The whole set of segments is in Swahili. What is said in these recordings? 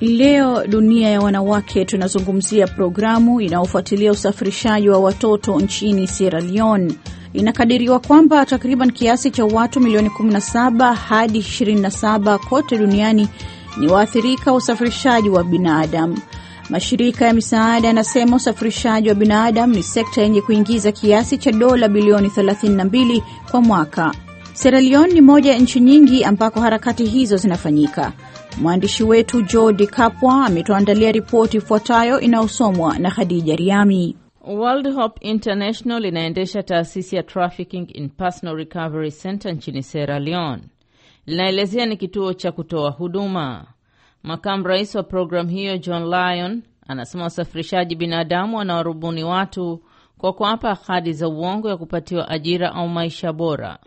Leo dunia ya wanawake, tunazungumzia programu inayofuatilia usafirishaji wa watoto nchini Sierra Leone. Inakadiriwa kwamba takriban kiasi cha watu milioni 17 hadi 27 kote duniani ni waathirika wa usafirishaji wa binadamu. Mashirika ya misaada yanasema usafirishaji wa binadamu ni sekta yenye kuingiza kiasi cha dola bilioni 32 kwa mwaka. Sierra Leone ni moja ya nchi nyingi ambako harakati hizo zinafanyika. Mwandishi wetu Jordi Kapwa ametuandalia ripoti ifuatayo inayosomwa na Khadija Riami. World Hope International inaendesha taasisi ya Trafficking in Personal Recovery Center nchini Sierra Leone. Linaelezea ni kituo cha kutoa huduma. Makamu rais wa programu hiyo John Lyon anasema wasafirishaji binadamu wanawarubuni watu kwa kuwapa ahadi za uongo ya kupatiwa ajira au maisha bora.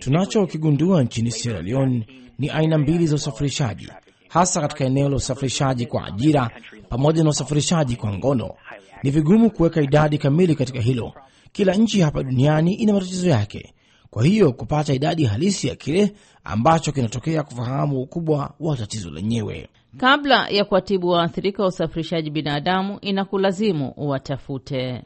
Tunachokigundua nchini Sierra Leone ni aina mbili za usafirishaji, hasa katika eneo la usafirishaji kwa ajira pamoja na usafirishaji kwa ngono. Ni vigumu kuweka idadi kamili katika hilo. Kila nchi hapa duniani ina matatizo yake. Kwa hiyo kupata idadi halisi ya kile ambacho kinatokea, kufahamu ukubwa wa tatizo lenyewe Kabla ya kuwatibu waathirika wa usafirishaji binadamu, inakulazimu uwatafute.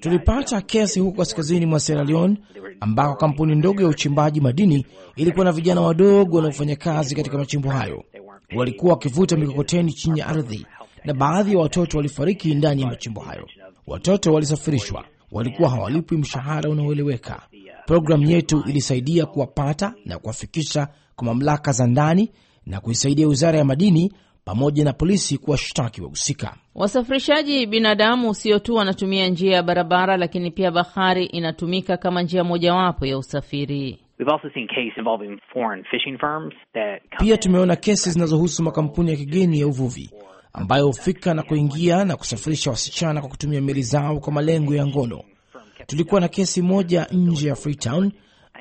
Tulipata kesi huko kaskazini mwa Sierra Leone ambako kampuni ndogo ya uchimbaji madini ilikuwa na vijana wadogo wanaofanya kazi katika machimbo hayo. Walikuwa wakivuta mikokoteni chini ya ardhi, na baadhi ya watoto walifariki ndani ya machimbo hayo. Watoto walisafirishwa, walikuwa hawalipwi mshahara unaoeleweka. Programu yetu ilisaidia kuwapata na kuwafikisha kwa mamlaka za ndani na kuisaidia wizara ya madini pamoja na polisi kuwashtaki wahusika. Wasafirishaji binadamu sio tu wanatumia njia ya barabara, lakini pia bahari inatumika kama njia mojawapo ya usafiri. Pia tumeona kesi zinazohusu makampuni ya kigeni ya uvuvi ambayo hufika na kuingia na kusafirisha wasichana kwa kutumia meli zao kwa malengo ya ngono. Tulikuwa na kesi moja nje ya Freetown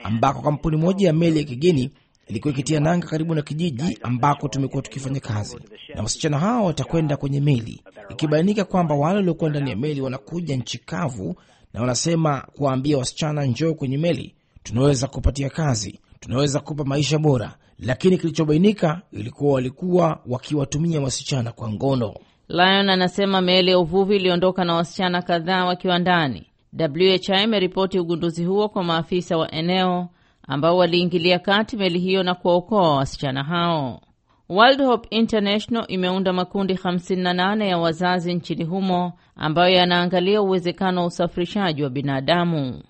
ambako kampuni moja ya meli ya kigeni ilikuwa ikitia nanga karibu na kijiji ambako tumekuwa tukifanya kazi, na wasichana hao watakwenda kwenye meli. Ikibainika kwamba wale waliokuwa ndani ya meli wanakuja nchi kavu na wanasema kuwaambia wasichana, njoo kwenye meli, tunaweza kupatia kazi, tunaweza kupa maisha bora, lakini kilichobainika ilikuwa walikuwa wakiwatumia wasichana kwa ngono. Lion anasema meli ya uvuvi iliondoka na wasichana kadhaa wakiwa ndani WHO imeripoti ugunduzi huo kwa maafisa wa eneo ambao waliingilia kati meli hiyo na kuwaokoa wasichana hao. World Hope International imeunda makundi 58 ya wazazi nchini humo ambayo yanaangalia uwezekano wa usafirishaji wa binadamu.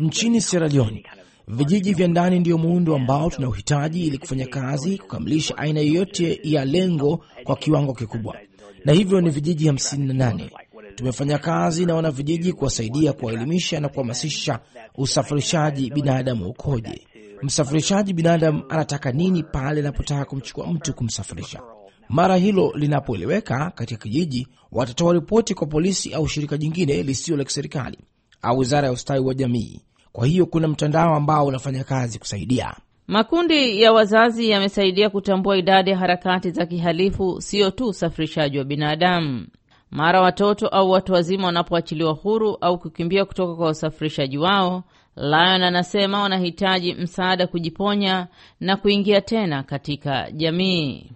Nchini Sierra Leone, vijiji vya ndani ndiyo muundo ambao tunauhitaji ili kufanya kazi kukamilisha aina yoyote ya lengo kwa kiwango kikubwa na hivyo ni vijiji 58. Tumefanya kazi na wanavijiji kuwasaidia kuwaelimisha na kuhamasisha usafirishaji binadamu ukoje. Msafirishaji binadamu anataka nini pale anapotaka kumchukua mtu kumsafirisha. Mara hilo linapoeleweka katika kijiji, watatoa ripoti kwa polisi au shirika jingine lisilo la kiserikali au wizara ya ustawi wa jamii. Kwa hiyo kuna mtandao ambao unafanya kazi kusaidia Makundi ya wazazi yamesaidia kutambua idadi ya harakati za kihalifu, sio tu usafirishaji wa binadamu. Mara watoto au watu wazima wanapoachiliwa huru au kukimbia kutoka kwa usafirishaji wao, Lion anasema wanahitaji msaada kujiponya na kuingia tena katika jamii.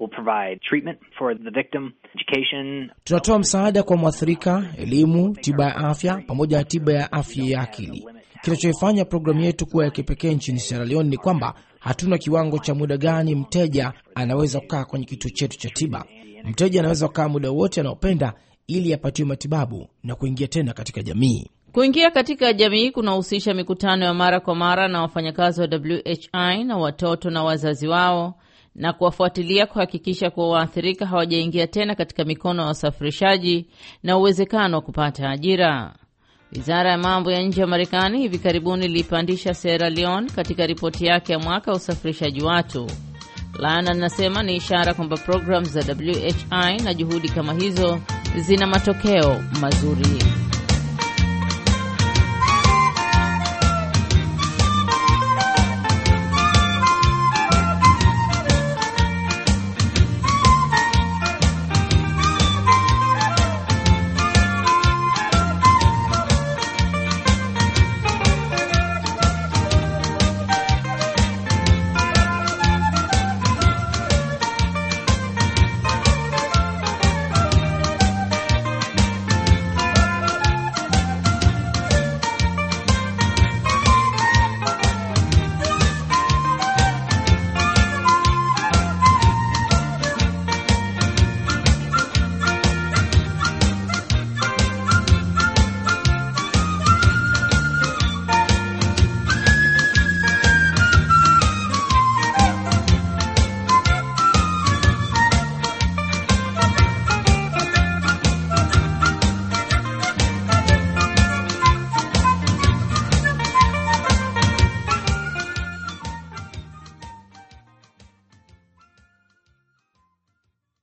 Tunatoa msaada kwa mwathirika, elimu, tiba ya afya, pamoja na tiba ya afya ya akili. kinachoifanya programu yetu kuwa ya kipekee nchini Sierra Leone ni kwamba hatuna kiwango cha muda gani mteja anaweza kukaa kwenye kituo chetu cha tiba. Mteja anaweza kukaa muda wote anaopenda ili apatiwe matibabu na kuingia tena katika jamii. Kuingia katika jamii kunahusisha mikutano ya mara kwa mara na wafanyakazi wa WHI na watoto na wazazi wao na kuwafuatilia kuhakikisha kuwa waathirika hawajaingia tena katika mikono ya wasafirishaji na uwezekano wa kupata ajira. Wizara ya mambo ya nje ya Marekani hivi karibuni iliipandisha Sierra Leone katika ripoti yake ya mwaka wa usafirishaji watu. Laana anasema ni ishara kwamba programu za WHI na juhudi kama hizo zina matokeo mazuri.